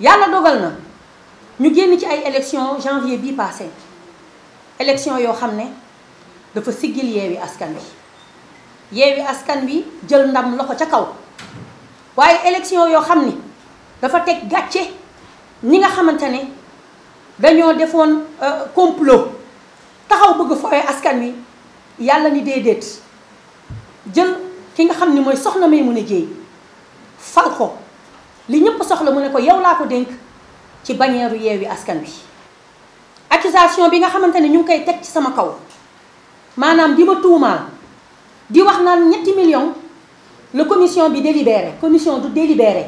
yàlla dogal na ñu génn ci ay élection janvier bii passé élection yoo xam ne dafa siggil yeewi askan wi yeewi askan wi jël ndam loxo ca kaw waaye élection yoo xam ni dafa teg gàcce ñi nga xamante ne dañoo defoon euh, complot taxaw bëgg fooye askan wi yàlla ni déedéet jël ki nga xam ni mooy soxna Maimouna Dièye fal ko li ñepp soxla mu ne ko yow la ko denk ci bañeeru yeewi askan bi accusation bi nga xamante ñu ngi koy tek ci sama kaw manam di ma mal. di wax naan 7 millions. la commission bi délibéré commission du délibéré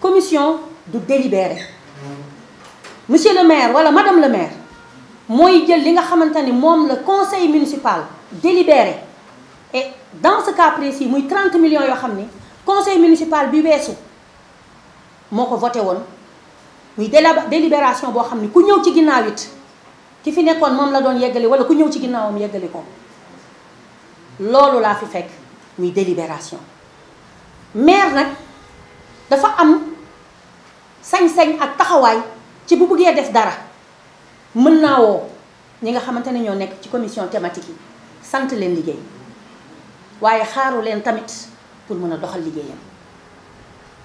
commission du délibéré monsieur le maire wala madame le maire moy jël li nga xamante mom le conseil municipal délibéré et dans ce cas précis muy 30 millions yo conseil municipal bi voté délibération bo xamni ku ñew ci it fi la doon yeggali wala ku ñew ci ginaawam délibération maire dafa am sañ-sañ ak taxaway ci bu def dara mën ñi nga il nekk ci commission thématique pour mën a doxal liggéeyam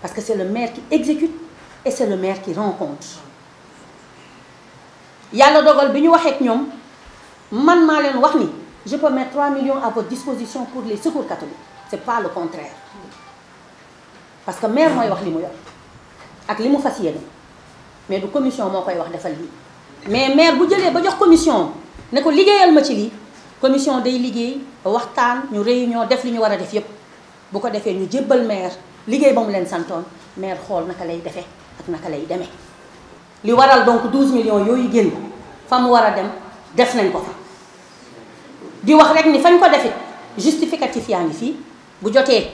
parce que c'est le maire qui exécute et c'est le maire qui rencontre. compte y dogal biñu ñu ak ñom man ma leen wax ni je peux mettre 3 millions à votre disposition pour les secours catholiques c'est pas le contraire parce que maire moy wax li mu yor ak li mu mais du commission moo koy wax defal lii mais maire bu jëlé ba jox commission ne ko liggéeyal ma ci li commission day liggéey waxtaan ñu réunion def li ñu wara def yépp bu ko defee ñu jébbal maire liggéey ba mu leen santoon maire xool naka lay defee ak naka lay demee li waral donc 12 million yooyu génn fa mu war a dem def nañ ko fa di wax rek ni fañ ko defee justificatif yaa ngi fii bu jotee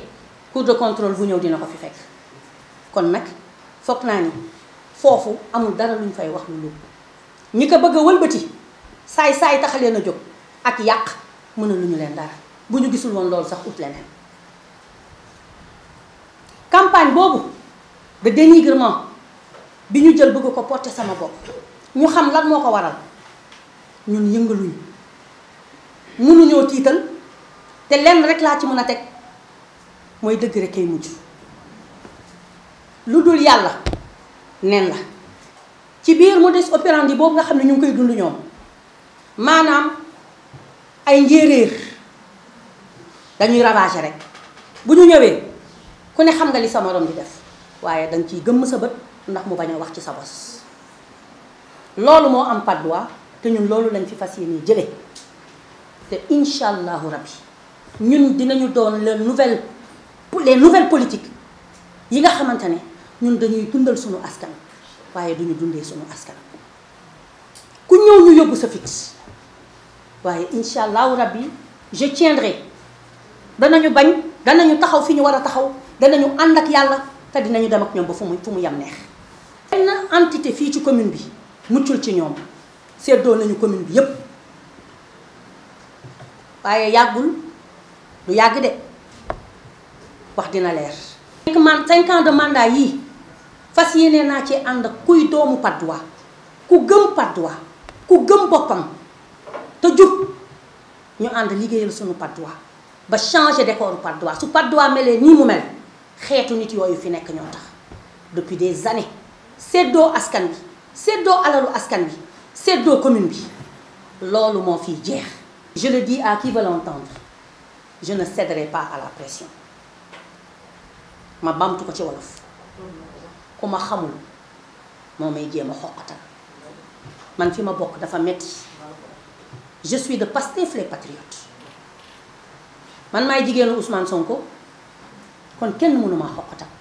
cour de contrôle bu ñëw dina ko fi fekk kon nag foog naa ni foofu amul dara luñ fay wax lu lu ñu ko bëgg a wëlbati saay saay taxaleen a jóg ak yàq mën a lu ñu leen dara bu ñu gisul woon loolu sax ut leneen campagne boobu de dénigrement bi ñu jël bëgg ko porter sama bopp ñu xam lan moo ko waral ñun yëngaluñu mënuñoo tiital te lenn rek laa ci mën a teg mooy dëgg rek kay mujj lu dul yàlla nen la ci biir mu modus operandi boobu nga xam ne ñu koy dund ñoom maanaam ay njéeréer dañuy ravager rek bu ñu ñëwee ku ne xam nga li sa morom di def waaye danga ciy gëmm sa bët ndax mu bañ a wax ci sa bos loolu moo am Patte te ñun loolu lañ fi fas yéene jële te incha allahu rabbi ñun dinañu doon les nouvelles les nouvelles politique yi nga xamante ne ñun dañuy dundal suñu askan waaye duñu dundee suñu askan ku ñëw ñu yóbbu sa fit waaye incha allahu rabbi je tiendrai danañu bañ danañu taxaw fi ñu war a taxaw danañu and ak yalla ta dinañu dem ak ñom ba fu mu fu mu yam neex ben entité fi ci commune bi muccul ci ñoom seddoo nañu commune bi yépp waye yagul du yag de wax dina leer nek man 5 ans de mandat yi fas yéene ci and ak kuy doomu Patte ku gëm Patte ku gëm bopam te juk ñu and liggéeyal suñu Patte ba changer décor Patte su padua d'Oie ni mu mel xeetu nit yoyu fi nek ñoo tax depuis des années séddoo askan bi séddoo alalu askan bi séddoo commune bi loolu mo fi jeex. je le dis à qui veut l'entendre je ne céderai pas à la pression ma bamtu ko ci wolof ko ma xamul momay jema jéem man fi ma bok dafa metti je suis de Pastef les patriotes man may jigéenu Ousmane Sonko. kon kenn mënu maa xoqatal